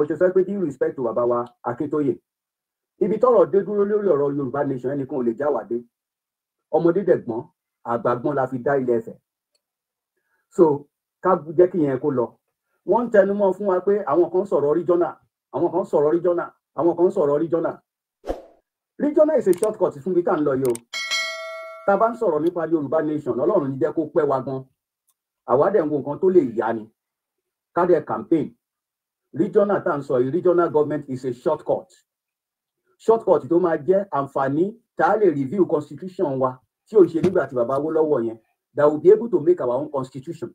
mo ṣe fẹ́ pé dí respect to bàbá wa Akíntóyè ibi tọ́rọ̀ dé dúró lórí ọ̀rọ̀ Yorùbá nation ẹnìkan ò lè já wà dé ọmọdé dẹ̀gbọ́n àgbàgbọ́n la fi dá ilẹ̀ ẹ̀fẹ̀ so ká jẹ́ kí yẹn kó lọ wọ́n ń tẹnumọ́ fún wa pé àwọn kan sọ̀rọ̀ regional àwọn kan sọ̀rọ̀ regional àwọn kan sọ̀rọ̀ regional regional is a shortcut fún bí tá ń lọ yìí o tá a bá ń sọ̀rọ̀ nípa Yorùbá nation Ọlọ́run ní jẹ́ kó pẹ́ wa gan àwa dẹ̀ ń wo nǹkan tó lè yá ni ká dẹ̀ campaign regional tá à regional government is a shortcut shortcut tó máa jẹ́ àǹfààní tá a lè review constitution wa tí ò ń ṣe nígbà tí bàbá wó lọ́wọ́ yẹn that will be able to make our own constitution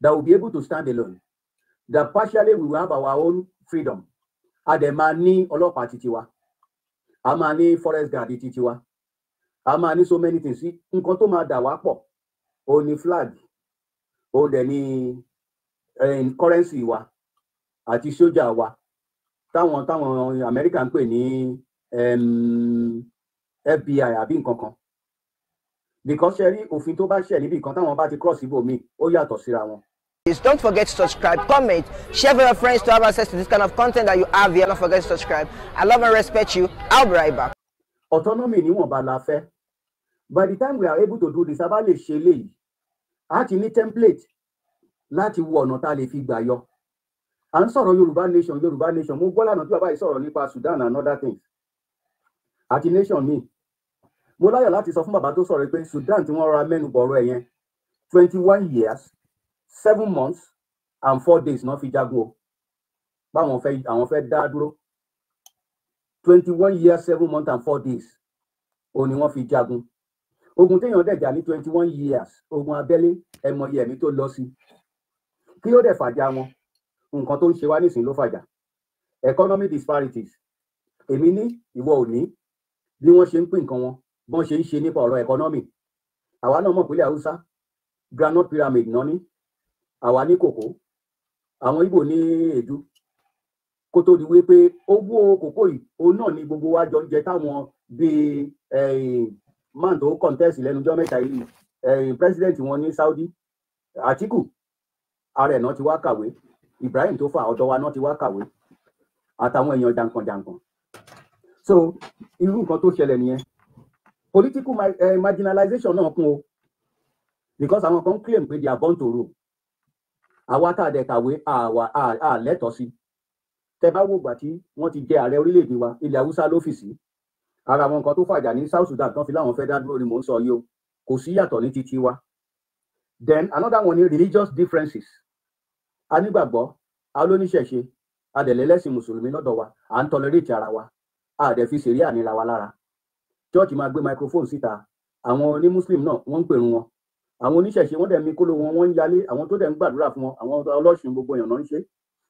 that will be able to stand alone that partially we will have our own freedom a dẹ̀ máa ní ọlọ́pàá títí wa a máa ní forest guard títí wa a máa ní so many things nǹkan tó máa dà wá pọ̀ òun ni flag òun dẹ̀ ni eh, currency wa àti sójà wa táwọn táwọn Amẹ́ríkà ń pè ní FBI àbí nǹkan kan because ṣe rí òfin tó bá ṣẹ̀ níbi kan táwọn bá ti cross ibòmíì ó yàtọ̀ síra wọn. Please don't forget to subscribe, comment, share with your friends to have access to this kind of content that you have here. Don't forget to subscribe. I love and respect you. I'll be right back. Autonomy níwọ̀nba la fẹ́. By the time we are able to do this, a bá lè ṣe eléyìí. A ti ní template láti wo ọ̀nà tá a lè fi gbà yọ à ń sọ̀rọ̀ yorùbá nation yorùbá nation mo gbọ́ lánàá tí bàbá yìí sọ̀rọ̀ nípa sudan and other things àti nation mi mo láyọ̀ láti sọ fún bàbá tó sọ̀rọ̀ pé sudan tí wọ́n ra mẹ́nu bọ̀rọ̀ ẹ̀yẹn twenty one years seven months and four days náà fi jagun o báwọn fẹ́ àwọn fẹ́ dá dúró twenty one years seven months and four days ó ní wọ́n fi jagun ogun téèyàn dẹ̀ jà ní twenty one years ogun abẹ́lé ẹ̀mọye ẹ̀mí tó lọ sí kí ló dẹ̀ fàjà wọn nǹkan tó ń ṣe wá nísìnyí ló fàjà economic disparities èmi ní ìwọ ò ní bí wọ́n ṣe ń pín nǹkan wọn bọ́n ṣe ń ṣe nípa ọ̀rọ̀ economy àwa náà mọ̀ pínlẹ̀ haúsá granite pyramid náà ní àwa ní kòkó àwọn Ìgbò ní èédú kó tó di wípé owó kòkó yìí òun náà ni gbogbo wa jọ ń jẹ táwọn bíi eh, man tó kọ̀ǹtẹ́sì lẹ́nujọ́ mẹ́ta yìí eh, president wọn ní Saudi Atiku ara ẹ̀ náà ti wá kàwé Ibrahim tó fà ọ̀dọ̀ wa náà ti wá kàwé àtàwọn èèyàn jàǹkànjàǹkàn so irú nǹkan tó ṣẹlẹ̀ nìyẹn political eh, marginalization náà kún o because àwọn kan claim pé they are born to rule àwa tá a dẹ̀ kàwé àwa à lẹ́tọ̀ọ́ sí tẹ bá wògbà tí wọ́n ti jẹ ààrẹ orílẹ̀-èdè wa ilẹ̀ haúsá lọ́fíìsì ara àwọn nǹkan tó fàjà ní South Sudan tán fi láwọn fẹ́ dá dúró ni mò ń sọ yìí o kò sí yàtọ̀ ní títí wa then another one ni religious differences anígbàgbọ́ alóníṣẹ̀ṣe adẹ̀lẹ́lẹ́sìn mùsùlùmí lọ́dọ̀ wa à ń tọlẹréètì ara wa a dẹ̀ fi ṣeré ànira wa lára chọ́ọ̀chì máa gbé microphone síta àwọn oní muslim náà wọ́n ń pèrú wọn àwọn oníṣẹ̀ṣe wọ́n dẹ̀ mi kóló wọn wọ́n ń yalé àwọn tó dẹ̀ ń gbàdúrà fún wọn àwọn ọlọ́sùn gbogbo èèyàn náà ń ṣe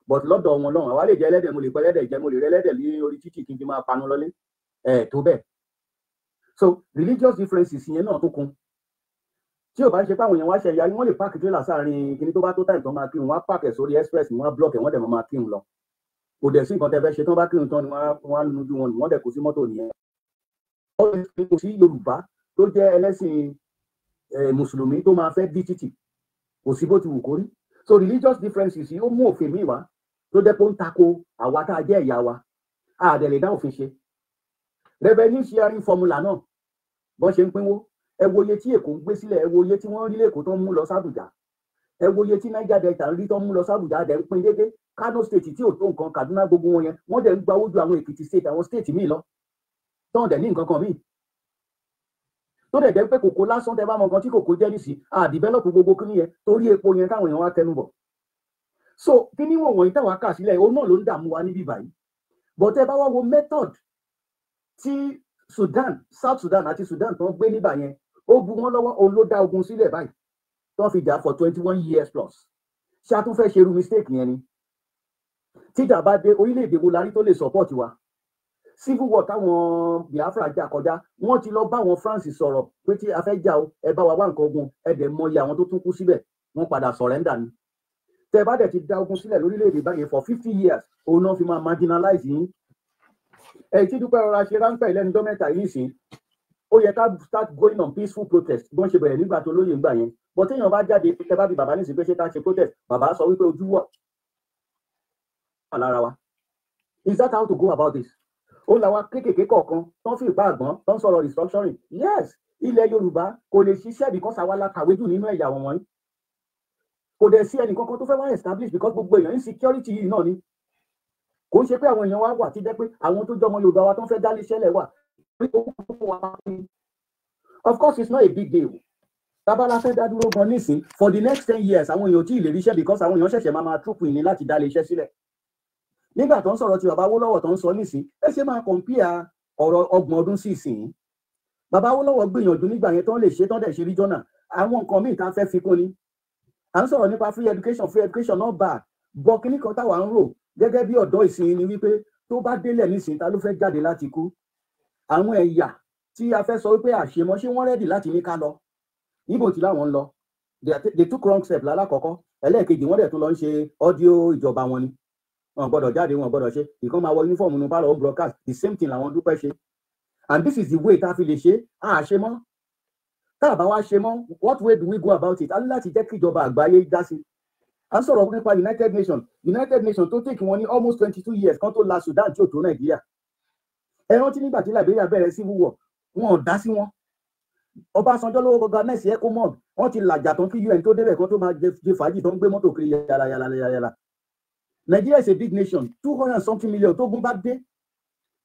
but lọ́dọ̀ wọn lọ́wọ́ àwa lè jẹ ẹlẹ́dẹ̀ mo lè pẹ́ ẹlẹ́dẹ̀ jẹ mo lè rẹ ẹlẹ́dẹ̀ lé orí títì kí n fi máa panu lọ́lé ẹ̀ tó bẹ́ẹ̀ so religious differences yẹn náà tó kún tí ò bá ń ṣe páwọn èèyàn wá ṣe ẹ̀yà wọ́n lè páàkì tírélà sáàrin kíní tó bá tó táyì tán máa kírun wọ́n á páàkì sórí express wọ́n á blọ́ọ̀kì wọ́n dẹ̀ máa kírun lọ kò dẹ̀ sí nǹkan tẹ́ fẹ́ ṣe tán bá kírun tán ni wọ́n á nujú wọn wọ́n dẹ̀ kó sí mọ́tò nìyẹn. ó lè kó sí Yorùbá tó jẹ́ ẹlẹ́sìn mùsùlùmí tó máa fẹ́ dí títì kò sí bó ti wù kó rí so religious differences yìí ó mú òfin míì wá tó jẹ́ pé ó ń tako àwa tá a jẹ́ ẹ̀yà wa sharing formula náà bọ́n ṣe ń pínwó ẹ wo iye tí èkó ń gbé sílẹ̀ ẹ wo iye tí wọ́n rí lẹ́kọ̀ọ́ tó ń mú lọ sábùjá ẹ wo iye tí Niger Delta ń rí tó ń mú lọ sábùjá dẹ̀ ń pín dédé Kano state tí ò tó nǹkan Kaduna gbogbo wọn yẹn wọ́n dẹ̀ ń gba ojú àwọn Èkìtì state àwọn state míì lọ tó ń dẹ̀ ní nǹkan kan míì tó dẹ̀ jẹ́ pé kòkó lásán tẹ bá mọ nǹkan tí kòkó jẹ́ nìsí à dìbẹ́lọ́pù gbogbo kí nìyẹn torí epo yẹn káwọn èèyàn wá tẹnu bọ̀ so kí ni wọ̀n wọ̀nyí táwa kà sílẹ̀ òun náà ló ń dààmú wa níbí báyìí but ẹ bá wá wo method tí Sudan South Sudan àti Sudan tó ń gbé níbà yẹn ó bu wọn lọ́wọ́ òun ló dá ogun sílẹ̀ báyìí tó ń fi jà for twenty one years plus ṣé a tún fẹ́ ṣerú mistake yẹn ni tíjà bá dé orílẹ̀-èdè wo la rí tó lè support wa civil war táwọn Biafra jà kọjá wọ́n ti lọ bá àwọn France sọ̀rọ̀ pé tí a fẹ́ jà o ẹ bá wa wá nǹkan ogun ẹ dẹ̀ mọ iye àwọn tó tún kú síbẹ̀ wọ́n padà sọ̀rẹ́ndà ni tẹ bá dẹ̀ ti da ogun sílẹ̀ lórílẹ̀‐èdè báyìí for fifty years òun náà fi máa marginalize yín ẹ̀ tí dúpẹ́ rọra ṣe ráńpẹ́ lẹ́nu dọ́mẹ́ta yìí sí ó yẹ ká start going on peaceful protest bó ń ṣe bẹ̀rẹ̀ nígbà tó lóye ńgbà yẹn bọ́ téèyàn bá jáde tẹ bá bí bàbá ní ìsìnkú ṣe ká ṣe protest bàbá sọ wípé ojú wọ̀ lára wa is that how to go about this ó làwọn kéékèèké kọ̀ọ̀kan tó ń fi ìpá àgbọ̀n tó ń sọ̀rọ̀ restructuring yes ilẹ̀ yorùbá kò lè ṣiṣẹ́ because àwa la kàwé jù nínú ẹ̀yà wọn wọ̀nyí kò dẹ̀ sí ẹnì kankan tó fẹ́ wá establish because gbogbo èèyàn insecurity yìí náà ni kò ń ṣe pé àwọn èèyàn wa wà tí jẹ́ pé àwọn tó jọmọ yorùbá wa tó ń fẹ́ dálé iṣẹ́ wà of course it's not a big deal tábàlà fẹ́ dá dúró gan nísìn for the next ten years àwọn èèyàn tí ì lè because àwọn èèyàn ṣẹ̀ṣẹ̀ máa máa trúpù ní láti dá iléeṣẹ́ sílẹ̀ nígbà tó ń sọ̀rọ̀ ti bàbá Awólọ́wọ̀ tó ń sọ nísìn ẹ ṣe máa compare ọ̀rọ̀ ọgbọ̀n ọdún sí ìsìn bàbá Awólọ́wọ̀ gbìyànjú nígbà yẹn tó ń lè ṣe tán dẹ̀ ṣe regional àwọn nǹkan míì tá a fẹ́ fi kún ni à ń sọ̀rọ̀ nípa free education free education not bad bọ́ kíní kan táwa ń rò gẹ́gẹ́ bí ọ̀dọ́ ìsìn ni wípé tó bá délẹ̀ nísìn ta ló fẹ́ jáde láti kú àwọn ẹ̀yà tí a fẹ́ sọ wípé àṣemọ́ ṣé wọ́n rẹ́dì láti ní ká lọ ibo tí láwọn ń lọ they took wrong step lálákọ̀ọ́kọ́ ẹlẹ́ẹ̀kejì wọ́n dẹ̀ tún lọ ń ṣe ọ́díò ìjọba wọn ni wọn gbọ́dọ̀ jáde wọn gbọ́dọ̀ ṣe ìkan máa wọ uniform nu bá lọ broadcast the same thing làwọn dúpẹ́ ṣe and this is the way tá a fi lè ṣe à ṣe mọ́ tá a bá wá ṣe mọ́ what way do we go about it a ní láti jẹ́ kí ìjọba àgbáyé dá sí a ń sọ̀rọ̀ nípa United Nations United Nations tó take wọn ní almost twenty two years kan tó la Sudan tí ò tó Nàìjíríà ẹ rántí nígbà tí Liberia bẹ̀rẹ̀ sí wúwọ̀ wọn ò dá sí wọn Ọbásanjọ́ lówó gọgá mẹ́sì ECOMOG wọ́n ti làjà tán kí UN tó débẹ̀ kan tó máa jẹ fàájì tó ń gbé mọ́tò kiri yàrá Nigeria is a big nation two hundred and something million tó gún bá dé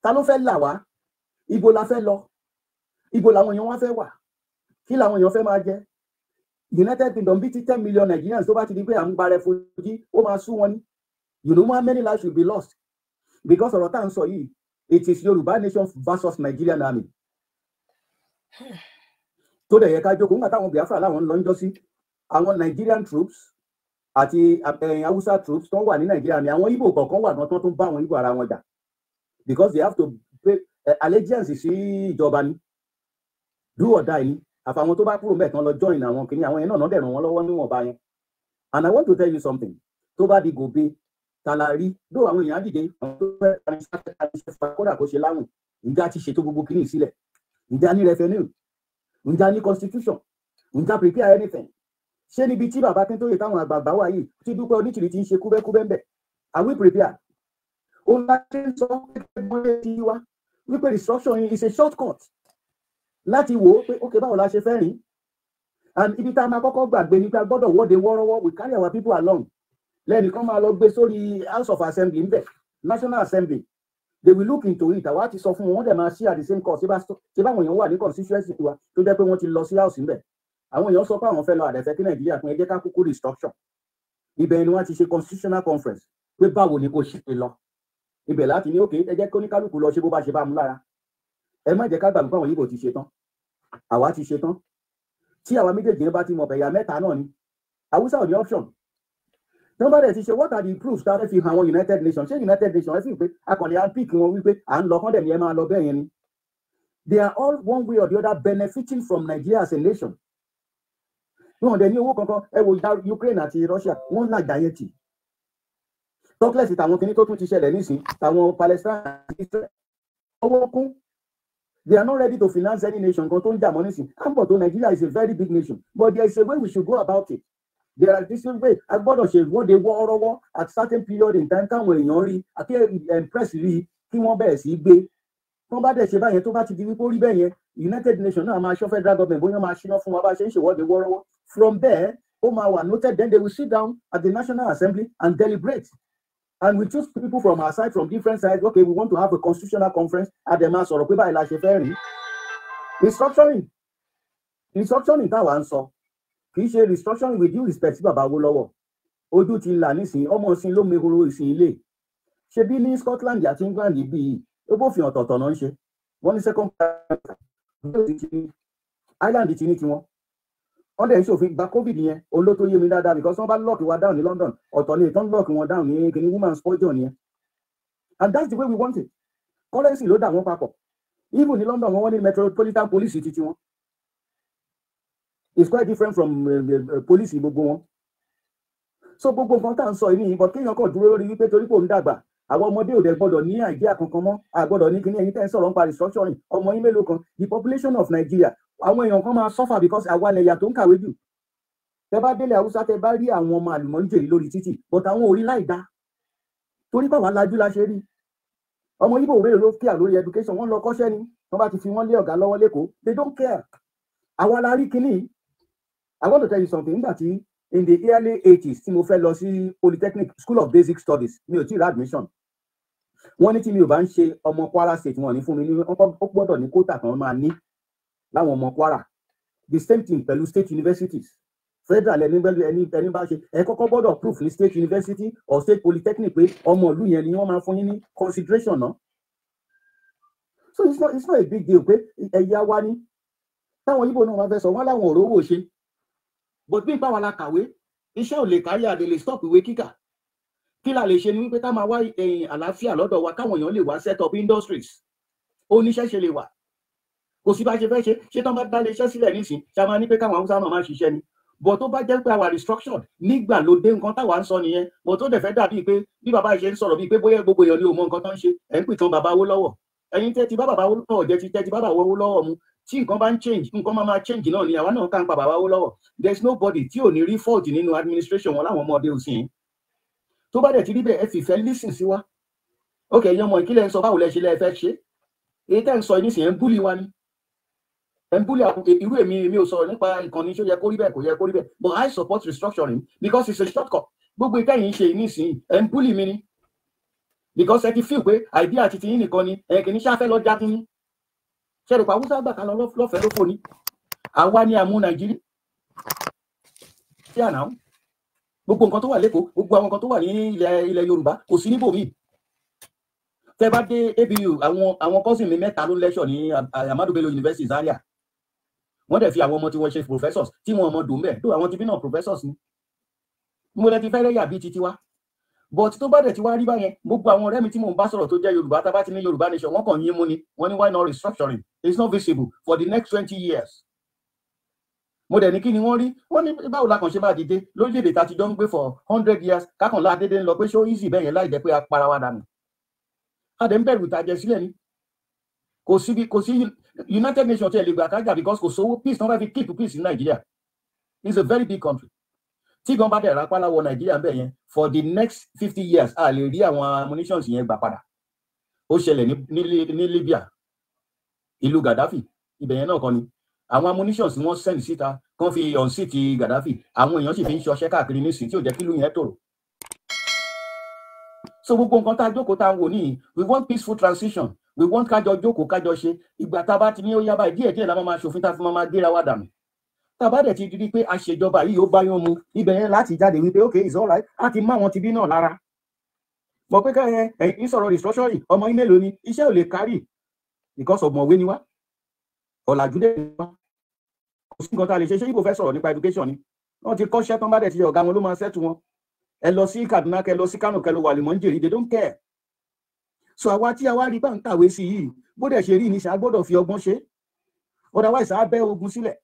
ta ló fẹ́ là wá ibo la fẹ́ lọ ibo làwọn èèyàn wá fẹ́ wà kí làwọn èèyàn fẹ́ máa jẹ United Kingdom bíi ti ten million Nigerians tó bá ti di pé à ń gbarẹ fojú ó máa sú wọn ní you know how many lives will be lost because ọ̀rọ̀ tá à ń sọ yìí it is Yorùbá nation versus Nigerian army tó dẹ̀ yẹ ká jókòó nígbà táwọn Biafra láwọn ń lọ ń jọ sí àwọn Nigerian troops àti eh, Hausa troops tó ń wà ní Nigeria ni àwọn Igbo kọ̀ọ̀kan wà náà tó tún bá àwọn Igbo ara wọn jà because they have to pay uh, allegiance sí ìjọba ni do or die ni àfàwọn tó bá kúrò mẹ́ẹ̀kan lọ join àwọn kìnìún àwọn yẹn náà náà dẹ̀ ràn wọ́n lọ́wọ́ níwọ̀nba yẹn and I want to tell you something tó bá di gòbe tàlàrí ló àwọn èèyàn dìde àwọn tó fẹ́ tani sáfẹ́ tani sẹ́fà kódà kó ṣe láwùn ǹjẹ́ a ti ṣètò gbogbo kìíní sílẹ̀ ǹjẹ́ a ní revenue ǹjẹ́ a ní constitution ǹjẹ́ a prepare anything ṣé níbi tí bàbá Akíntóyè táwọn àgbààgbà wà yìí tí Dúpẹ́ Onítìrí ti ń ṣe kúbẹ́kúbẹ́ ń bẹ̀ are we prepared? ó láti sọ pé gbọ́dọ̀ ti wá wípé restructuring yìí is a shortcut láti wò ó pé ókè báwo la ṣe fẹ́ rìn and ibi tá a máa kọ́kọ́ gbàgbé nípa gbọ́dọ̀ wọ́de wọ́rọ́wọ́ we carry our people along lẹ́nìkan máa lọ gbé sórí house of assembly ńbẹ national assembly they will look into it àwa ti sọ fún wọn wọ́n dẹ̀ máa ṣí at the same cost tí báwọn èèyàn wà ní constituency tiwa tó jẹ́ pé wọ́n ti lọ sí house ńbẹ àwọn èèyàn sọ pé àwọn fẹ́ lọ àdẹ̀fẹ́ kí nàìjíríà pín ẹjẹ́ ká kúkú restructure ibẹ̀ ni wọ́n ti ṣe constitutional conference pé báwo ni kò ṣe lọ ibẹ̀ láti ní òkè ẹjẹ́ kí oníkálukú lọ ṣe bó bá ṣe bá mu lára ẹ má jẹ́ ká gbàgbọ́ pé àwọn yìí kò ti ṣe tán àwa ti ṣe tán tí àwa méjèèjì bá ti mọ̀ bẹ̀yà mẹ́ta náà ni haúsá ò ní option tó bá dẹ̀ ti ṣe what are the proofs tá a fẹ́ fi hàn àwọn united nations ṣé united nations ẹ sì pé akọ̀lẹ̀ à ń pick wọn wípé à ń lọ kán dẹ̀ ni ẹ máa lọ bẹ́ẹ̀ yẹn ni they are all one way or the other benefiting from Nigeria as a nation wọn dẹ̀ ní owó kankan ẹ wo Ukraine àti Russia wọ́n làjà yẹn tì tọ́kílẹ̀sì tàwọn kìíní tó tún ti ṣẹlẹ̀ nísìn tàwọn Palestine àti Israel ọwọ́ kún they are not ready to finance any nation kan tó ń jà mọ́ nísìn àbọ̀ tó Nigeria is a very big nation but there is a way we should go about it there are different ways a gbọ́dọ̀ ṣe ìwọ́de wọ́ọ́rọ́wọ́ at certain period in time káwọn èèyàn rí àti empress um, rí kí wọ́n bẹ̀rẹ̀ sí í gbé tó bá dẹ̀ ṣe báyẹn tó bá ti di wípé ó rí bẹ́yẹn united nations náà máa ṣọ́ federal government bóyá máa ṣíná fún wa bá ṣe ń ṣèwọ́de wọ́ọ́rọ́wọ́ from there ó máa wà noted then they will sit down at the national assembly and deliberate and we choose people from our side from different sides okay we want to have a constitutional conference àdèmà sọ̀rọ̀ pé báyìí la ṣe fẹ́ rí restructuring restructuring táwa ń sọ kì í ṣe restructuring with due respect sí bàbá Awólọ́wọ̀ ojú ti là nísìnyí ọmọ sin ló mehoro ìsìn ilé ṣe bí ní Scotland àti England bíi ó bófin ọ̀tọ̀ọ̀tọ̀ náà ń ṣe wọ́n ní second Ireland ti ní tiwọn wọ́n dẹ̀ ń ṣòfin gba covid yẹn òun ló tó yé mi dáadáa because wọ́n bá lọ́ọ̀kì wa down ní London ọ̀tọ̀ lè tán lock wọn down ní kìnní woman's poison yẹn and that's the way we want it currency ló dà wọ́n papọ̀ even ní London wọ́n ní metropolitan police ti tiwọn is quite different from uh, uh, police gbogbo wọn so gbogbo nǹkan tá à ń sọ yìí nǹkan kéèyàn kàn dúró lórí wípé torí kò ń dàgbà àwọn ọmọdé òde gbọ́dọ̀ ní àìdíà kankan mọ́ àgbọ́dọ̀ ní kíní ẹ̀yin tẹ́ ń sọ̀rọ̀ nípa restructuring ọmọ yín mélòó kan the population of Nigeria àwọn èèyàn kan máa suffer because àwa ẹ̀yà tó ń kàwé jù tẹ́ bá délé haúsá tẹ́ bá rí àwọn ọmọ àlùmọ́jèrè lórí títì but àwọn orí láì dá torí pàwọn alájú la ṣe rí ọmọ yìí bò wéré ló kíà lórí education wọ́n lọ kọ́ṣẹ́ ni wọ́n bá ti fi wọ́n lé ọ̀gá lọ́wọ́ lẹ́kọ̀ọ́ they don't care àwa la rí kíní I want to tell you something nígbà tí in the early eighties tí mo fẹ́ lọ sí polytechnic school of basic studies mi ò tí ì admission wọ́n ní tí mi ò bá ń ṣe ọmọ Kwara state wọn ní fún mi ní ó gbọ́dọ̀ ní kóòtà kan máa ní láwọn ọmọ Kwara the same thing pẹ̀lú state universities federal ẹni bẹ́ẹ̀ ẹni ẹni bá ṣe ẹ kọ́kọ́ gbọ́dọ̀ proof ní state university or state polytechnic pé ọmọ ìlú yẹn ni wọ́n máa fún yín ní consideration náà so it's not it's not a big deal pé ẹ̀yà wa ni táwọn yíbo náà wá fẹ́ sọ wọ́n láwọn òróró ṣe but bí ìpáwà la kàwé iṣẹ́ ò lè kárí àdè lè stop ìwé kíkà kí la lè ṣe ni wípé ká máa wá eh, àlàáfíà lọ́dọ̀ wa káwọn èèyàn lè wá set up industries oníṣẹ́ ṣe lè wà kò sí bá ṣe fẹ́ ṣe ṣé tán bá dá iléeṣẹ́ sílẹ̀ nísìn ṣá máa ní pé káwọn haúsá náà máa ṣiṣẹ́ ni but tó bá jẹ́ pé àwa restruction nígbà ló dé nǹkan táwa ń sọ nìyẹn but tó dẹ̀ fẹ́ dàbí pé bí bàbá ṣe ń sọ̀rọ̀ bíi pé bóyá gbogbo èèyàn ni ò mọ nǹkan tó ń ṣe ẹ̀ ń pìtàn bàbá owó lọ́wọ́ ẹ̀yin tẹ́ ti bá bàbá owó lọ́wọ́ jẹ́ ti tẹ́ ti bá bàbá owó lọ́wọ́ mu tí nǹkan bá ń change nǹkan máa máa change náà ni àwa náà kà ń pa bàbá owó lọ́wọ́ there is nobody tí ò ní rí fault nínú administration wọn láwọn ọmọdé òsìn tó bá dẹ̀ ti rí bẹ́ẹ̀ ẹ fìfẹ́ lísìn sí wa ok ẹ̀yin ọmọ ìkílẹ̀ ń sọ báwo lẹ ṣe lẹ́ẹ̀ fẹ́ ṣe èyí tẹ́ ń sọ yìí nísìnyẹn ń búlì wa ni ẹ̀ ń búlì àkùkè irú èmi mi ò sọ̀rọ̀ nípa ìkànnì ṣó yẹ kó rí bẹ́ẹ̀ kò yẹ kó rí bẹ́ẹ̀ but I support restructuring because it's a shortcut gbogbo ìtẹ́yìn ṣe nísìnyí ẹ̀ ń búlì mi ni because ẹ ti feel pé àìdí àti tiyín nìkan ni ẹ̀ kì í ṣáfẹ́ lọ jagun ni ṣẹlẹ̀ pa haúsá gbàkan lọ lọ́fẹ̀ẹ́ ló fò ní àwa ni àmú nàìjíríà sí àná gbogbo nǹkan tó wà lẹ́kọ̀ọ́ gbogbo àwọn nǹkan tó wà ní ilẹ̀ yorùbá kò sí níbò míì tẹ bá dé abu àwọn àwọn kọ́sìn mi mẹ́ta ló ń lẹ́ṣọ̀ ní amadu bello university zaria wọ́n dẹ̀ fi àwọn ọmọ tí wọ́n ṣe professors tí wọ́n ọmọ dùn bẹ́ẹ̀ tó àwọn ti bí náà professors ni mo lẹ ti fẹ́rẹ́ yà bíi titi but tó bá dẹ̀ ti wá rí báyẹn gbogbo àwọn ọ̀rẹ́ mi tí mò ń bá sọ̀rọ̀ tó jẹ́ yorùbá tá a bá ti ní yorùbá nation wọ́n kàn yín mú ni wọ́n ní why not restructuring it's not visible for the next twenty years. mo dẹ̀ ní kí ni wọ́n rí wọ́n ní báwo la kàn ṣe máa dìde lórílẹ̀‐èdè tá a ti jọ ń gbé for hundred years kákànlá adédé ń lọ pé ṣó easy bẹ́ẹ̀ yẹn láì jẹ́ pé a para wa dànù. a dẹ̀ ń bẹ̀rù ìtàjẹ̀ sílẹ̀ ni kò sí kò sí united nations ti ẹ̀ lè gbà kájà because kò sówó peace náà fi keep peace in nigeria it's a very big country tí gan bá dẹ̀ ra pálá wọ nàìjíríà bẹ́ẹ̀ yẹn for the next fifty years a lè rí àwọn ammunitions yẹn gbà padà ó ṣẹlẹ̀ ní libya ìlú gaddafi ibẹ̀ yẹn náà kọ́ ni àwọn ammunitions wọ́n send síta kán fi ọ̀n sí ti gaddafi àwọn èèyàn sì fi ń ṣọṣẹ́ káàkiri nísìnyí tí ò jẹ́ kí ìlú yẹn tòrò so gbogbo nǹkan tá a jókòó tá a ń wò níyì we want peaceful transition we want kájọ jókòó kájọ ṣe ìgbà tá a bá ti ní ó yá báyìí díẹ̀ díẹ̀ la máa ṣòfin tá a fi máa gbéra wa dànù tàbá dẹ̀ ti di pé àṣejọba yìí ó báyọ̀ mu ibẹ̀ yẹn láti jáde wípé ok it's all right a ti má wọn ti bí náà lára mọ̀ pé ká ẹ̀yìn sọ̀rọ̀ destruction yìí ọmọ yín mélòó ni iṣẹ́ ò lè kárì because ọ̀mọ̀wé ni wá ọ̀làjú dẹ̀ ni wá kò sí nǹkan tá a lè ṣe ṣé ibo fẹ́ sọ̀rọ̀ nípa education ni wọ́n ti kọ́ṣẹ́ tán bá dẹ̀ ti ọ̀gá wọn ló máa ṣẹ́tù wọn ẹ lọ sí Kaduna kẹ lọ sí Kano kẹ lọ wà lè mọ́ ń jèrè they don't care so àwa tí a wá rí bá ń kàwé sí yìí bó dẹ̀ ṣe rí ní ṣá gbọ́dọ̀ fi ọgbọ́n ṣe otherwise á bẹ́ ogun sílẹ̀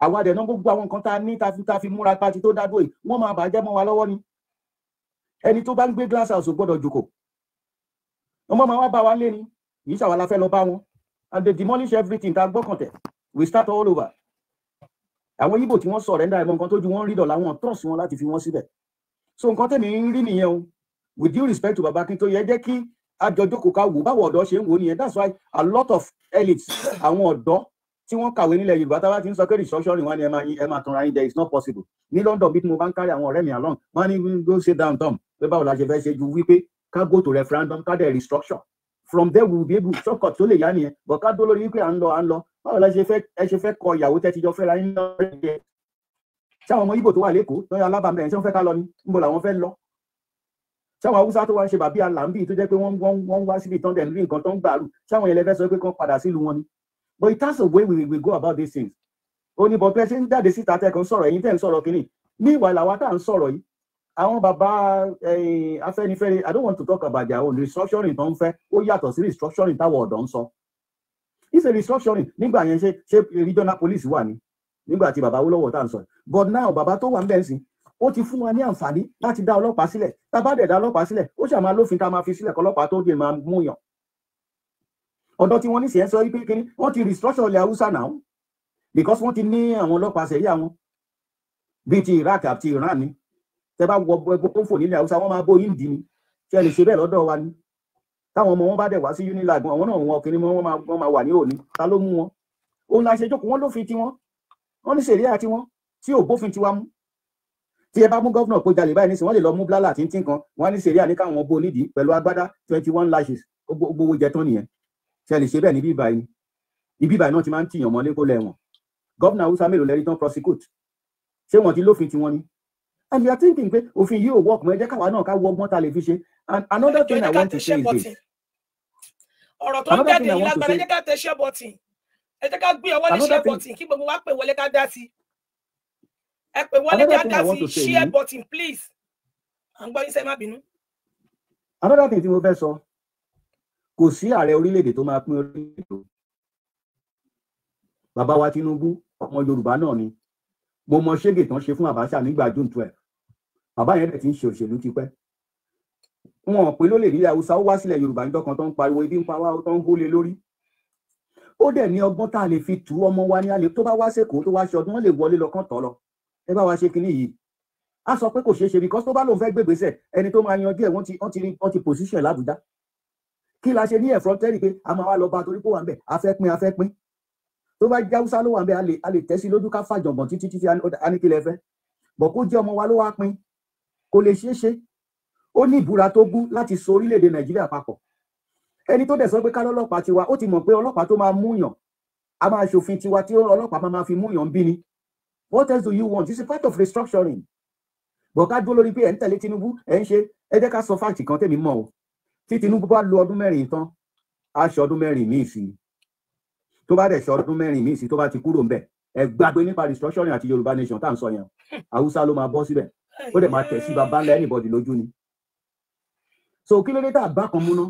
àwa dẹ̀ náà gbogbo àwọn nǹkan tá a ní ta fi ta fi múra pati tó dádó yìí wọ́n máa bàjẹ́ mọ́ wa lọ́wọ́ ni ẹni tó bá ń gbé glass house ò gbọ́dọ̀ jòkó wọ́n máa wá bá wa lé ni yìí ṣàwọn la lọ bá wọn and they demolish everything tá a gbọ́kàntẹ̀ we start all over àwọn Ìgbò tí wọ́n surrender ẹ̀mọ nǹkan tójú wọn rí dọ̀la wọn trust wọn láti fi wọ́n síbẹ̀ so nǹkan tẹ̀mí ń rí nìyẹn o with due respect to baba Akintoye jẹ́ kí àjọjókòó ká wò báwo ọ̀dọ́ ṣe ń wò nìyẹn that's why a lot of elites àwọn ọ̀dọ́ tí wọ́n kàwé nílẹ̀ yorùbá táwa ti ń sọ pé restructuring wọn ni ẹ máa ẹ máa tanra yín there is not possible ní london bí mo bá ń kárí àwọn ọ̀rẹ́ mi along wọ́n ní go sit down tom pé báwo la ṣe fẹ́ ṣe ju wípé ká go to referendum ká dẹ̀ restructure from there we will be able to shortcut tó lè yá nìyẹn but ká dó lórí wípé à ń lọ à ń lọ báwo la ṣe fẹ́ ẹ ṣe fẹ́ kọ ìyàwó tẹ́ ti jọ fẹ́ra yín lọ́rẹ́ yẹn ṣé àwọn ọmọ Ìgbò tó wà lẹ́kọ̀ọ́ lọ́yọ̀ alábàámẹ́rin ṣé wọ́n fẹ́ ká lọ ní níbo làwọn fẹ́ lọ sáwọn haúsá tó wá ń ṣe bàbí àlàmbí tó jẹ́ pé wọ́n wá síbi tán dẹ̀ ń rí nǹkan tó ń gbàrú sáwọn yẹn lè fẹ́ sọ pé kán padà sílùú wọn ni but it has a way we we go about these things Only but ṣe that they sit at a ẹ̀yin tẹ́ ń sọ̀rọ̀ meanwhile our tá à ń sọ̀rọ̀ Baba. After any Afẹ́nifẹ́re I don't want to talk about their own restructuring tó ń fẹ́ ó yàtọ̀ sí restructuring that word ń so. it's a restructuring nígbà yẹn ṣe ṣe regional police one. ní nígbà tí bàbá Awólọ́wọ̀ tá à ń but now Baba, to one dancing. bẹ̀ ń sìn ó ti fún wa ní àǹfààní láti dá ọlọ́pàá sílẹ̀ tá a bá dẹ̀ dá ọlọ́pàá sílẹ̀ ó ṣàmà lófin tá a máa fi sílẹ̀ kọ́ ọlọ́pàá tó dé máa mú ọ̀dọ́ tí wọ́n ní sẹ́yìn sọ wípé kí ni wọ́n ti restructure ilẹ̀ haúsá náà because wọ́n ti ní àwọn ọlọ́pàá sẹ̀ríà wọn bíi ti Iraq àti Iran ni tẹ bá wọ ẹgbẹ́ fò nílẹ̀ haúsá wọ́n máa bó yíǹdì ni ṣe lè ṣe bẹ́ẹ̀ lọ́dọ̀ wa ni táwọn ọmọ wọn bá dẹ̀ wá sí unilag àwọn náà wọn kiri wọn máa wà ní òní ta ló mú wọn òun la ṣe jókòó wọn lófin tiwọn wọn ní sẹ̀ríà tiwọn tí ò bófin tiwa mú tí ẹ bá mú gọ́vnà kó jalè báyìí nísìnyí wọ́n lè lọ mú blálà tíntín kan wọ́n á ní sẹ̀ríà ní káwọn bo nídìí pẹ̀lú agbádá twenty one lashes gbogbo jẹ tán nìyẹn ṣe lè ṣe bẹ́ẹ̀ ní bíbá yìí ní bíbá náà ti máa ń tìyàn mọ́lé kó lẹ́wọ̀n gọ́vnà hausa mélòó lẹ́rí tán prosecute ṣé wọ́n ti lófin tiwọn ni and we are thinking pé òfin yìí ò work mọ́ ẹ jẹ́ káwa náà ká wọ ta lè fi ṣe and another thing i want to say is this ọ̀rọ̀ tó ń jáde yìí lágbára ẹ jẹ́ ká tẹ ṣẹ́ bọ́tì ẹ jẹ́ ká gbé ọwọ́ lé ṣẹ́ bọ́tì kí gbogbo wa pè wọlé ká dá sí ẹ pè wọlé ká dá sí ṣẹ́ bọ́tì please à ń gbọ́ yín sẹ́ má bínú. another thing tí mo fẹ́ sọ kò sí ààrẹ orílẹ̀-èdè tó máa pín orílẹ̀-èdè bàbá wa Tinubu ọmọ Yorùbá náà ni mo mọ ṣégè tán ṣe fún Abacha nígbà June twelve bàbá yẹn dẹ̀ ti ń ṣe òṣèlú tipẹ́ wọn ò pín lólè nílẹ̀ Haúsá ó wá sílẹ̀ Yorùbá níjọ́ kan tó ń pariwo ibi ń pa wá tó ń hólé lórí ó dẹ̀ ní ọgbọ́n tá a lè fi tú ọmọ wa ní alẹ́ tó bá wá sẹ́kọ̀ọ́ tó wá ṣe ọdún wọn lè wọlé lọ kán tọ́ lọ ẹ bá wa ṣe kinní yìí a sọ pé kò ṣeé ṣe because tó lòun fẹ́ gbègbèsẹ̀ ẹni tó máa yanjú ẹ̀ wọ́n ti wọ́n ti position l'Abuja kí la ṣe ní ẹ̀fọ́ntẹ́rì pé a máa wá lọ bá torí kó wà ń bẹ̀ a fẹ́ pín a fẹ́ pín tó bá jẹ́ haúsá ló wà ń bẹ̀ a lè tẹ́sí lójú ká fàjọ̀gbọ̀n títí títí aníkílẹ̀ fẹ́ bọ̀ kó jẹ́ ọmọ wa ló wá pín kò lè ṣeé ṣe ó ní ìbúra tó bú láti so orílẹ̀-èdè nàìjíríà papọ̀ ẹni tó dẹ̀ sọ pé kálọ́ ọlọ́pàá tiwa ó ti mọ̀ pé ọlọ́pàá tó máa múyàn a máa ṣòfin tiwa tí ọlọ́pàá máa fi múyàn bí ni what else do you want this is part of restructuring bọ̀ ká dúró lórí pé ẹ̀ ń tẹ̀lé Tinubu ẹ̀ ń ṣe ẹ jẹ́ ká sọ fáàtì kan tẹ̀mí mọ́ o tí Tinubu bá lo ọdún mẹ́rin tán á ṣe ọdún mẹ́rin míì sí i tó bá dẹ̀ ṣe ọdún mẹ́rin míì sí i tó bá ti kúrò ńbẹ̀ ẹ gbàgbé nípa restructuring àti Yorùbá nation tá à ń sọ yẹn Haúsá ló máa bọ́ síbẹ̀ ó dẹ̀ máa tẹ̀ sí bàbá ńlá anybody lójú ni so kí ló dé tá a bá kan múná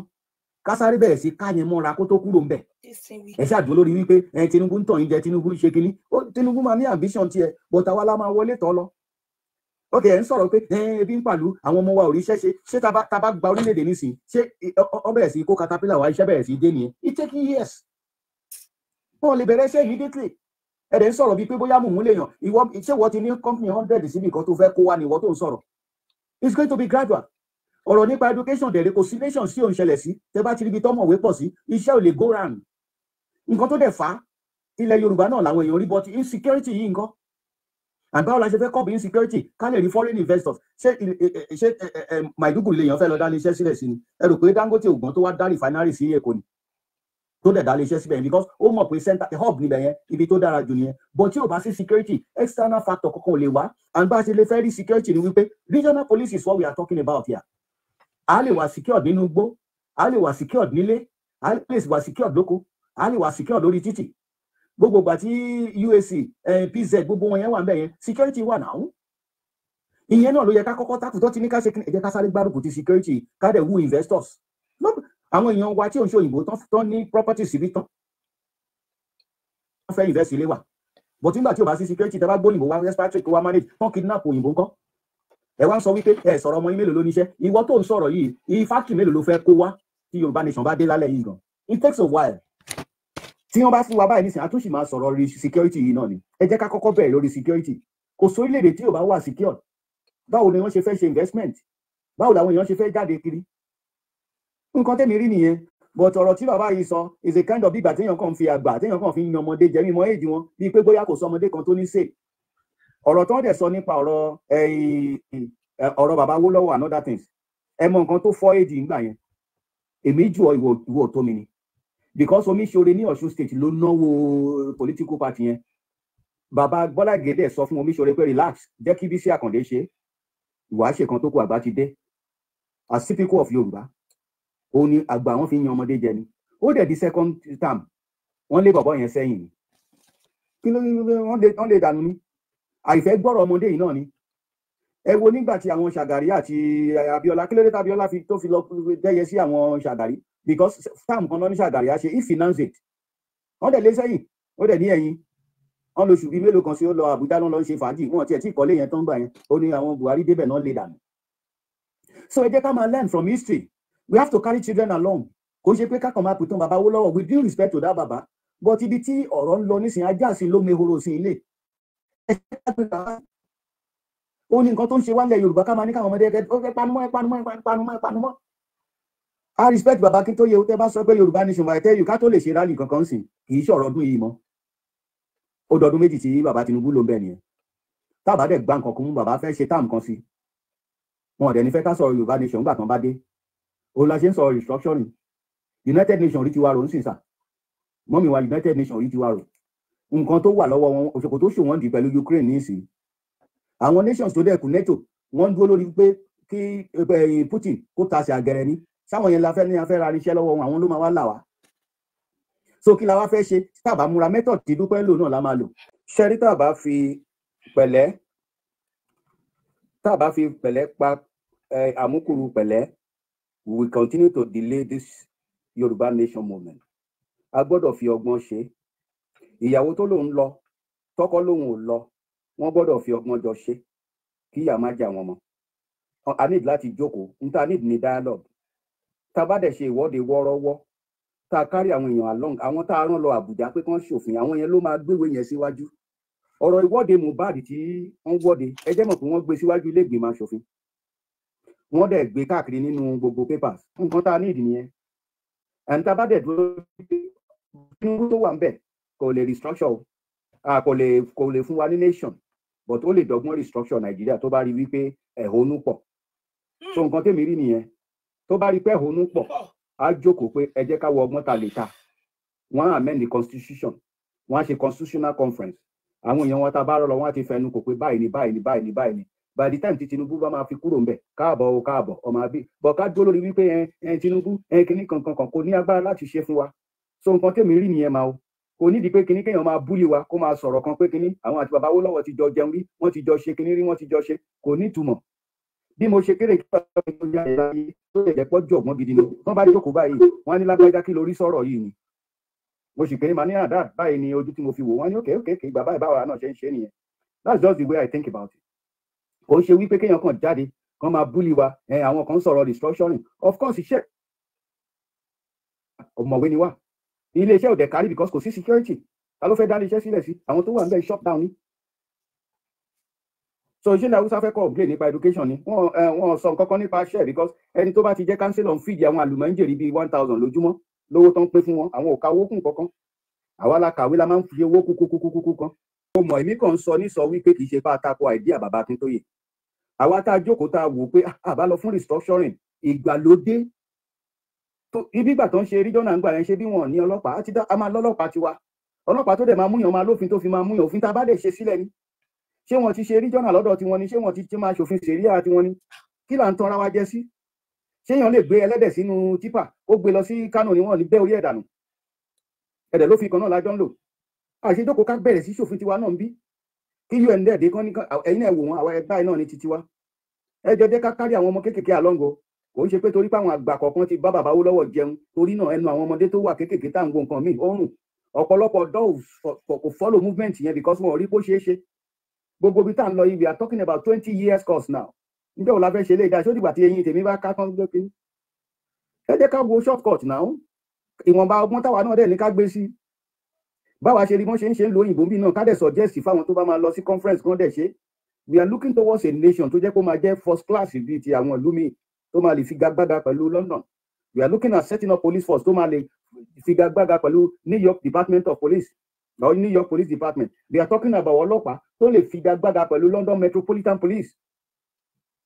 kásáré bẹ̀rẹ̀ sí ká yẹn mọ́ra kó tó kúrò ńbẹ̀ ẹ ṣàdúró lórí wípé Tinubu ń tàn yín jẹ Tinubu ṣe kínní Tinubu máa ní ambition tiẹ̀ bọ̀tà máa wọlé tọ́ lọ ok ẹ ń sọ̀rọ̀ pé ebi ń pàlú àwọn ọmọ wa ò rí iṣẹ́ ṣe ṣé ta bá gba orílẹ̀-èdè nísìn ṣé ọ bẹ̀rẹ̀ sí kó katapila wa iṣẹ́ bẹ̀rẹ̀ sí dé nìyẹn it take years wọn lè bẹ̀rẹ̀ iṣẹ́ immediately ẹ dẹ̀ ń sọ̀rọ̀ bíi pé bóyá mò ń lè yàn ìwọ ṣé wọ́n ti ní company hundred síbi kan tó fẹ́ kó wa ni ìwọ tó ń sọ̀rọ̀ it's going to be gradual ọ̀rọ̀ nípa education dẹ̀ reconciliation sí òun ṣẹlẹ̀ sí tẹ bá ti ríbi tọ́mọ̀wé pọ̀ sí iṣẹ́ ò lè go round nǹkan tó dẹ̀ fà á ilẹ̀ Yorùbá náà làwọn èèyàn rí bọ́tí insecurity yìí nǹkan and báwo la ṣe fẹ́ kọ́ọ̀bù insecurity ká lè rí foreign investors ṣé ṣé Maiduguri lèèyàn fẹ́ lọ dá iléeṣẹ́ sílẹ̀ sí ni ẹ rò pé Dangote ògbọ́n tó wá dá refinery sí Èkó ni tó dẹ̀ dá iléeṣẹ́ síbẹ̀ because ó mọ̀ pé center hub níbẹ̀ yẹn ibi tó dára jù nìyẹn but tí ò bá sí security external factor kankan ò lè wá and bá a ṣe lè fẹ́ rí security ni wípé regional police is what we are talking about here a lè wà secured nínú igbó a lè wà secured nílé a lè wà secured lóko a lè wà secured lórí títì gbogbo ìgbà tí UAC eh, PZ gbogbo wọn yẹn wà níbẹ̀ security wà náà ìyẹn náà ló yẹ ká kọ́kọ́ tákù tó ti ní ká ṣe ẹ̀jẹ̀ ká sáré gbárùkù ti security ká dẹ̀ wú investors àwọn èèyàn wa tí ò ń ṣe òyìnbó tán ní property síbí tán wọ́n fẹ́ invest ilé wa but nígbà tí o bá sí security tẹ́ bá gbóyìnbó wá west patrick wá manage tán kidnap òyìnbó ńkọ́ ẹ wá ń sọ wípé ẹ sọ̀rọ̀ ọmọ yín mélòó ló níṣẹ́ ìwọ tó ń sọ̀rọ̀ yìí iye fáàkì mélòó ló fẹ́ kó wá tí yorùbá nation bá dé lálẹ́ yìí gan it takes a while tí wọ́n bá fún wa báyìí nísìnyí àtúnṣì máa sọ̀rọ̀ rí security yìí náà ni ẹ jẹ́ ká kọ́kọ́ bẹ̀rẹ̀ lórí security kò sórílẹ̀-èdè tí ò bá wà secure báwo ni wọ́n ṣe fẹ́ ṣe investment báwo làwọn èèyàn ṣe fẹ́ jáde kiri nǹkan tẹ́mi rí nìyẹn but ọ̀rọ̀ tí bàbá yìí sọ is a kind of bígbà téèyàn kàn fi àgbà téèyàn kàn fi yan ọmọdé jẹ́ mímọ́ èjì wọn bíi pé bóyá kò sọ ọmọdé kan tó ní sè ọ̀rọ̀ tó ń dẹ̀ sọ nípa ọ̀rọ̀ ọ̀rọ̀ bàbá wó lọ́wọ́ another things ẹ mọ nǹkan tó fọ́ èjì ńgbà yẹn èmi jù ọ ìwọ tó mi ni because Omiṣore ní Ọ̀ṣun state ló náwó political party yẹn bàbá Bọ́lá Ìgèdè sọ fún Omiṣore pé relax jẹ́ kí Bísí Àkàndé ṣe ìwà ṣe kan tó kù àgbà ti dé as typical of Yorùbá òun ni àgbà wọn fi yan ọmọdé jẹ ni ó dẹ̀ di second term wọ́n lé bọ̀bọ̀ yẹn sẹ́yìn ni kí ló wọ́n lè dànù ni àìfẹ́ gbọ́rọ̀ ọmọdé yìí náà ni ẹ wo nígbà tí àwọn Ṣàgàrí àti Abíọ́lá kí ló dé tàbíọ́lá tó fi lọ dẹ́yẹ sí àwọn Ṣàgàrí because farm kan náà ní ṣàgàrí àṣe if finance it wọ́n dẹ̀ lé sẹ́yìn ó dẹ̀ ní ẹ̀yìn wọ́n lo oṣù bíi mélòó kan sí ó lọ àbújá ló ń lọ ṣe fàájì wọ́n tiẹ̀ tí ìkọ́lé yẹn tó ń gbà yẹn ó ní àwọn buhari débẹ̀ náà lè dànù so ẹ jẹ́ ká máa learn from history we have to carry children along kò ṣe pé kákan máa pè tán bàbá wó lọ́wọ́ with due respect to that bàbá but ibi tí ọ̀rọ̀ ń lọ nísìn ajá sí ló mehoro sí ilé ó ní nǹkan tó ń ṣe wálẹ̀ yorùbá ká máa ní káwọn ọmọdé ẹ panumọ́ ẹ panumọ́ ẹ panumọ́ ẹ panumọ́ I respect Baba Akintoye ó tẹ́ bá sọ pé Yorùbá nation by tell you ká tó lè ṣe rally kankan sìn kì í ṣọ̀rọ̀ ọdún yìí mọ́ ó dọdún méjì tí Baba Tinubu ló ń bẹ̀ nìyẹn tábà dẹ̀ gba nǹkan kún bàbá fẹ́ ṣe táàmù kan sí wọn ọ̀dẹ̀ ní fẹ́ ká sọ̀rọ̀ Yorùbá nation gbà kan bá dé òun la ṣe ń sọ̀rọ̀ restructuring United Nations rí tiwa rò ń sìn sà mọ́mí wa United Nations rí tiwa rò nǹkan tó wà lọ́wọ́ wọn òṣòkò tó ṣòwọ́n dì pẹ̀lú Ukraine ní ìsìn àwọn nations tó dẹ̀kù NATO wọ́n dúró lórí pé kí eh, Putin kó tasẹ̀ àgẹrẹ ní sáwọn yẹn la fẹ́ ní afẹ́ ra iṣẹ́ lọ́wọ́ wọn àwọn ló máa wá là wá so kí la wá fẹ́ ṣe tábà múra method tí dúpẹ́ lò náà la máa lò ṣẹ́rí tábà fi pẹ̀lẹ́ tábà fi pẹ̀lẹ́ pa àmúkúrú pẹ̀lẹ́ we continue to delay this Yorùbá nation moment a gbọ́dọ̀ fi ọgbọ́n ṣe ìyàwó tó lòun lọ tọkọ lòun ò lọ wọ́n gbọ́dọ̀ fi ọgbọ́n jọ ṣe kí ìyá má jà wọn mọ́ i need láti jókòó n ta need ni dialogue tá a bá dẹ̀ ṣe ìwọ́de wọ́ọ́rọ́wọ́ tá kárí àwọn èèyàn along àwọn tá a rán lọ àbújá pé kán ṣòfin àwọn yẹn ló máa gbéwèé yẹn síwájú ọ̀rọ̀ ìwọ́de Mohbad tí wọ́n wọ́de ẹ jẹ́ mọ̀ pé wọ́n gbé síwájú ilé ìgbìmọ̀ aṣòfin wọ́n dẹ̀ gbé káàkiri nínú gbogbo papers nǹkan tá a ní ìdí nìyẹn ẹni tá bá dẹ̀ dúró bí wọ́n tó wà ń bẹ̀ kò lè restructure kò lè fún wa ní nation but ó lè dọ́gbọ́n restructure Nàìjíríà tó bá rí wípé ẹ̀hónú pọ̀ so nǹkan tèmi rí nìyẹn tó bá rí pé ẹ̀hónú pọ̀ á jókòó pé ẹ jẹ́ ká wọ ọgbọ́n ta lè ta wọ́n amend the constitution wọ́n á ṣe constitutional conference àwọn èèyàn wọn ta bá rọ̀ lọ wọ́n á ti fẹnu kò pé báyìí ni báyìí ni báyìí ni báyìí ni by the time tí Tinubu bá máa fi kúrò ńbẹ̀ káàbọ̀ o káàbọ̀ ọmọ àbí bọ ká dúró lórí wípé ẹ ẹ Tinubu ẹ kinní kankan kan kò ní agbára láti ṣe fún wa so nǹkan tèmi rí nìyẹn máa o kò nídìí pé kinní kéèyàn máa búlì wa kó máa sọ̀rọ̀ kan pé kinní àwọn àti bàbá Awólọ́wọ̀ ti jọ jẹun rí wọ́n ti jọ ṣe kinní rí wọ́n ti jọ ṣe kò nítumọ̀ bí mo ṣe kéré ìjọba tó yà ẹ̀ láyé tó yẹ pọ́ jọ̀gbọ́n gidi ni wọ́n bá jókòó báyìí wọ́n á ní lágbájá kí lórí sọ̀rọ̀ yìí ni mo sì pé màá àdá ah, báyìí ni ojú tí mo fi wò wọ́n ní òkè òkè òkè bàbá ìbáwa náà ṣe ń ṣe nìyẹn that's just the way I think about it kò ń ṣe wípé kéèyàn kan jáde kan máa búlì wa àwọn kan sọ̀rọ̀ restructuring of course iṣẹ́ ọ̀mọ̀wé ni wá iléeṣẹ́ òdẹ̀ kárí because kò sí security ta ló fẹ́ dá iléeṣẹ́ sílẹ̀ sí àwọn down ni so ìṣẹ̀lẹ̀ haúsá fẹ́ complain nípa education ni wọ́n wọ́n sọ nǹkan kan nípa share because ẹni tó bá ti jẹ́ council on feed àwọn àlùmọ́ńjèrè bíi one thousand lójúmọ́ lówó tán pé fún wọn àwọn ò ka owó kún kankan àwa la kàwé la máa ń fi owó kúkúkúkú kan mo mọ̀ èmi kàn ń sọ ní sọ wípé kì í ṣe bá a takò idea bàbá Akíntóyè àwa tá a jókòó tá a wò pé àbá ah, lọ fún restructuring ìgbàlódé ibi ìgbà tó ń ṣe regional ń gbà ṣe bí wọn ní ọlọ́pàá a máa lọ́lọ́pàá tiwa ọlọ́pàá tó dẹ̀ máa múyàn máa lófin tó fi máa múyàn òfin tá a bá dẹ̀ ṣe sílẹ̀ ni ṣé wọ́n ti ṣe rí jọ́nà lọ́dọ̀ tiwọn ni ṣé wọ́n ti ti máa ṣòfin ṣèríà tiwọn ni kí là ń tanra wa jẹ sí ṣéèyàn lè gbé ẹlẹ́dẹ̀ sínú tipa ó gbé lọ sí Kánò ni wọ́n ní bẹ́ orí ẹ̀dànù ẹ̀dẹ̀ ló fi kan náà lájọ́ ń lò àṣejókòó ká bẹ̀rẹ̀ sí ṣòfin tiwa náà ń bí kí un dẹ̀dẹ̀ kan ẹ̀yin náà wò wọ́n àwọn ẹgbẹ́ náà ní ti tiwa ẹ jọ jẹ́ ká kárí àwọn ọmọ kéékèèké àlọ́ngo kò ń ṣe pé torí páwọn àgbà kọ̀ọ̀kan ti bá bàbá lọ́wọ́ jẹun torí náà ẹnu àwọn ọmọdé tó wà kéékèèké tá à ń wo nǹkan míì ó ọ̀pọ̀lọpọ̀ dọ́ọ̀ kò follow movement yẹn because wọn ò rí ṣeé ṣe gbogbo bí tá à ń lọ yìí we are talking about twenty years course now níjẹ́ wo la fẹ́ ṣe lé ìdá sódìgbà tí eyín tèmi bá ká tán gbé kí ẹ jẹ́ ká wo short cut now ìwọ̀nba ọgbọ́n táwa náà dẹ̀ ní ká gbé sí báwa ṣe rí wọ́n ṣe ń ṣe ń lo òyìnbó bí náà ká dẹ̀ suggest fáwọn tó bá máa lọ sí conference kan dẹ̀ ṣe we are looking towards a nation tó jẹ́ kó máa jẹ́ first class bíi ti àwọn ìlú míì tó máa lè figagbága pẹ̀lú London we are looking at setting up police force tó máa lè figagbága pẹ̀lú New York Department of Police or New York Police Department. They are talking about ọlọ́pàá tó lè figagbága pẹ̀lú London Metropolitan Police.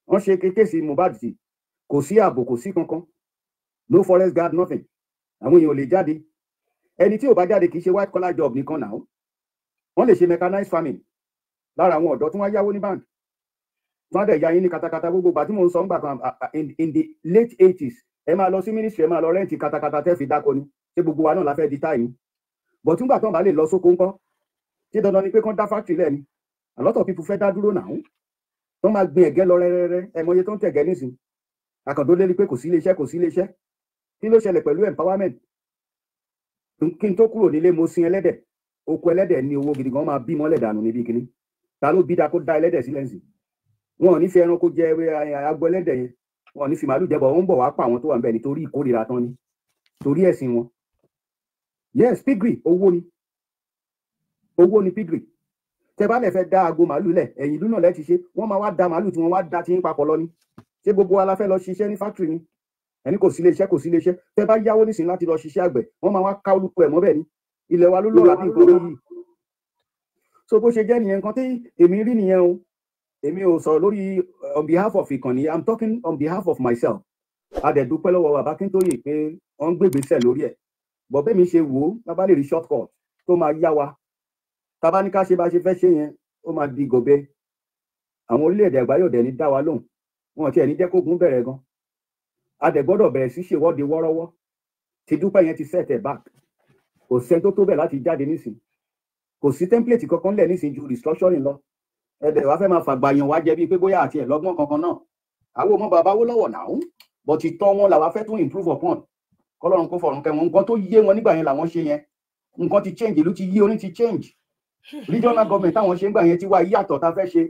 Wọ́n ṣe kékeré sí Mohbad sí. Kò sí ààbò, kò sí kankan. No forest guard, nothing. Àwọn èèyàn ò lè jáde. Ẹni tí ò bá jáde kì í ṣe white collar job nìkan náà. Wọ́n lè ṣe mechanized farming. Lára àwọn ọ̀dọ́ tí wọ́n yáwó ní bank. Wọ́n á yín ní katakata gbogbo ìgbà tí mò ń sọ ń gbà kan ah, ah, in the late eighties. Ẹ máa lọ sí ministry, ẹ máa lọ rẹ́ǹtì katakata tẹ́ fi dáko ni. Ṣé gbogbo wa náà la fẹ́ di táyì? bọ̀ tí ń gbà tán bá lè lọ sóko ńkọ́ ṣé dandan ni pé kán dá fáktì lẹ̀ ni a lot of people fẹ́ dá dúró nàá tó máa gbin ẹ̀gẹ́ lọ rẹ́rẹ́rẹ́ ẹ̀mọye tó ń tẹ̀gẹ́ nísìn àkàndólé ni pé kò sí iléeṣẹ́ kò sí iléeṣẹ́ kí ló ṣẹlẹ̀ pẹ̀lú empowerment kí n tó kúrò nílé mo sin ẹlẹ́dẹ̀ oko ẹlẹ́dẹ̀ ní owó gidi gan máa bí mọ́lẹ̀ dànù níbi kíní ta ló bí da kó da ẹlẹ́dẹ̀ sílẹ̀ nsìn wọn ò ní fi ẹranko jẹ eh, agbo ẹlẹ́dẹ̀ yẹn wọn ò ní fi màálù jẹ bọ̀ wọn ń bọ̀ wá pa àwọn tó wà ń bẹ̀ nítorí ìkórìíra tán ni torí ẹ̀sìn wọn yes pigri owó ni owó ni pigri tẹ bá lè fẹ́ dá aago màálù lẹ ẹ̀yìn ìlú náà lẹ ti ṣe wọ́n máa wá da màálù tí wọ́n wá da ti ń papọ̀ lọ ni ṣé gbogbo wa la fẹ́ lọ ṣiṣẹ́ ní fáktìrì ni ẹni kò sí iléeṣẹ́ kò sí iléeṣẹ́ tẹ bá yáwó nísìnyí láti lọ ṣiṣẹ́ àgbẹ̀ wọ́n máa wá ká olùkọ ẹ mọ́bẹ̀ ni ilẹ̀ wa ló lọ́ra bí nǹkan yìí so bó ṣe jẹ́ nìyẹn nǹkan tí èmi rí nìyẹn o èmi ò sọ lórí eh, on behalf of ìkànnì i'm talking on behalf of myself adẹ̀dúpẹ́ lọ́wọ́ bàbá kíntóyè pé wọ́n ń gbègbèsẹ̀ lórí ẹ̀ bọ̀ bẹ́ẹ̀ mi ṣe wò ó bàbá lè rí short cut tó máa yá wa tàbá ní ká ṣe bá ṣe fẹ́ ṣe yẹn ó máa di gòbẹ àwọn orílẹ̀-èdè àgbáyé ọ̀dẹ̀ ní dá wa lóhùn wọn ti ẹ̀ ní jẹ́ kógun bẹ̀rẹ̀ gan adẹ̀gbọ́dọ̀ bẹ̀rẹ̀ sí ṣèwọ́de wọ́rọ́wọ́ ti dúpẹ́ yẹn ti set ẹ̀ back kò sẹ́ni tó tó bẹ̀ láti jáde nísìn kò sí template kankan lẹ̀ nísìn ju restructuring lọ ẹ̀dẹ̀ wa fẹ́ máa fàgbàyàn wá jẹ́ bíi pé bóyá àti ẹ̀ lọ́gbọ́n kankan náà àwọn ọmọ bàbá wó lọ́wọ́ náà But ti tọ́ wọn làwa fẹ́ tún improve upon kọ́lọ́run kó fọ̀run kẹ́ wọn nǹkan tó yé wọn nígbà yẹn làwọn ṣe yẹn nǹkan ti change ìlú ti yí orí ti change regional government táwọn ṣe ń gbà yẹn ti wá yàtọ̀ tá a fẹ́ ṣe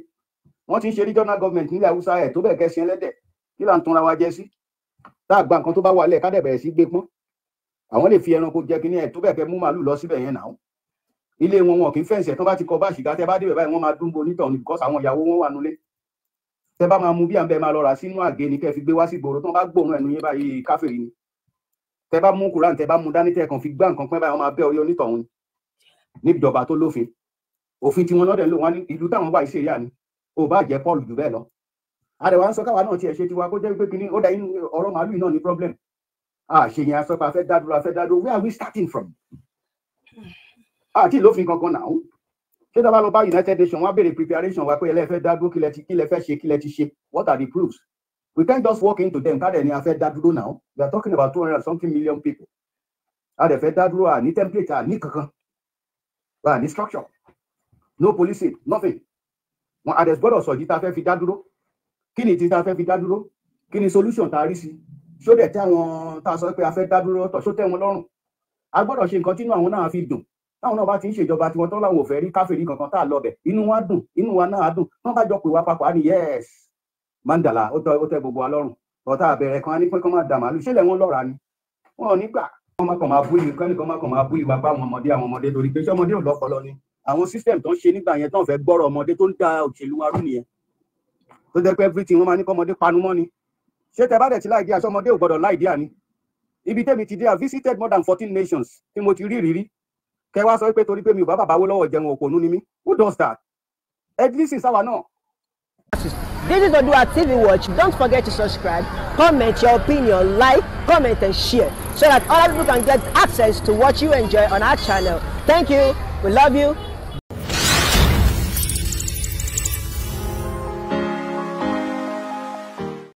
wọ́n ti ń ṣe regional government nílẹ̀ haúsá ẹ̀ tó bẹ̀ kẹ́ sin ẹlẹ́dẹ̀ kí là ń tanra wa jẹ sí tá a gba nǹkan tó bá wà lẹ̀ ká dẹ̀ bẹ̀rẹ̀ sí gbé pọ́n àwọn lè fi ẹranko jẹ kínní ẹ̀ tó bẹ̀ kẹ́ mú màálù lọ síbẹ̀ yẹn náà ilé wọn wọn kì í fẹ̀sẹ̀ tó bá ti kọ bá ṣìgá tẹ bá débẹ̀ báyìí wọ́n máa dúnbo nítorí because àwọn ìyàwó wọn wà nulẹ̀ tẹ bá máa mu bí à ń bẹ máa lọ rà sínú àgé ni kẹ́ fi gbé wá sí ìgboro tó bá gbóòórùn ẹnu yín báyìí káfíìrì ni tẹ bá mú Quran tẹ bá mú dání tẹ kàn fi gbá nǹkan pẹ́ báyìí wọ́n máa bẹ́ orí onítọ̀hún níbìdọ̀bà tó lófin òfin tí wọn lọ́dẹ̀ ló wọn ní ìlú táwọn wà ìṣe ìyá ni ò bá jẹ́ Paul jù bẹ́ẹ̀ lọ àdẹ̀wà ń sọ káwa náà tiẹ̀ ṣe tiwa kó jẹ́ pé kínní ó da inú ọ̀rọ̀ màálù náà ní problem àṣeyìn asọ́pá fẹ́ dádúró afẹ́ dádúró where are we starting from àti ìlófin kankan náà ṣé dábàá lọ bá United Nations wá béèrè preparation wa pé ẹlẹ́fẹ́ dádúró kílẹ̀ ti kílẹ̀ fẹ́ ṣe kílẹ̀ ti ṣe what are the proofs We can't just walk into them. Káàdẹ̀ they affect that? dá now? We are talking about two hundred something million people. How they affect that? dúró à ní template à ní kankan. structure. No policy, nothing. Wọn a dẹ̀ gbọ́dọ̀ sọ̀jí tá a fẹ́ fi dá dúró. Kí ni ti tá a fẹ́ fi dá dúró? Kí ni solution tá a rí sí? Ṣó dẹ̀ tẹ́ àwọn tá a sọ pé a fẹ́ dá dúró tọ̀ ṣó tẹ́ wọn lọ́rùn? A gbọ́dọ̀ ṣe nǹkan tínú àwọn náà fi dùn táwọn náà bá ti ń ṣèjọba tiwọn tó láwọn ò fẹ́ rí káfíìrì kankan tá a lọ bẹ̀ inú wa dùn inú wa náà dùn wọ́n bá jọ pè wá papọ̀ á ní yẹ́ẹ̀sì mandala ó tọ́ ó tẹ́ gbogbo alọ́run ọ̀tá àbẹ̀rẹ̀ kan á ní pé kán máa dà màálù wọn lọ́ra ni wọn ò ní gbà kán má kàn máa bú ìlú kán má kàn máa bú ìwà bá àwọn ọmọdé àwọn ọmọdé lórí pé ṣé ò lọ́pọlọ ni àwọn system tó ń ṣe nígbà yẹn tó fẹ́ gbọ́rọ̀ ọmọdé tó ń da òṣèlú wa nìyẹn tó jẹ́ pé everything wọn máa ní kọ́mọdé panumọ́ ni ṣé tẹ bá dẹ̀ ti láìdíà ṣé ò gbọ́dọ̀ láìdíà ni ibi tẹ́mi ti dé i visited more than fourteen nations tí mo ti rí ìrírí kẹ wá sọ pé torí pé mi ò bá bàbá wó lọ́wọ́ jẹun òpònú ni mí who does that at least our náà. This is Oduwa TV Watch. Don't forget to subscribe, comment your opinion, like, comment and share so that other people can get access to what you enjoy on our channel. Thank you. We love you.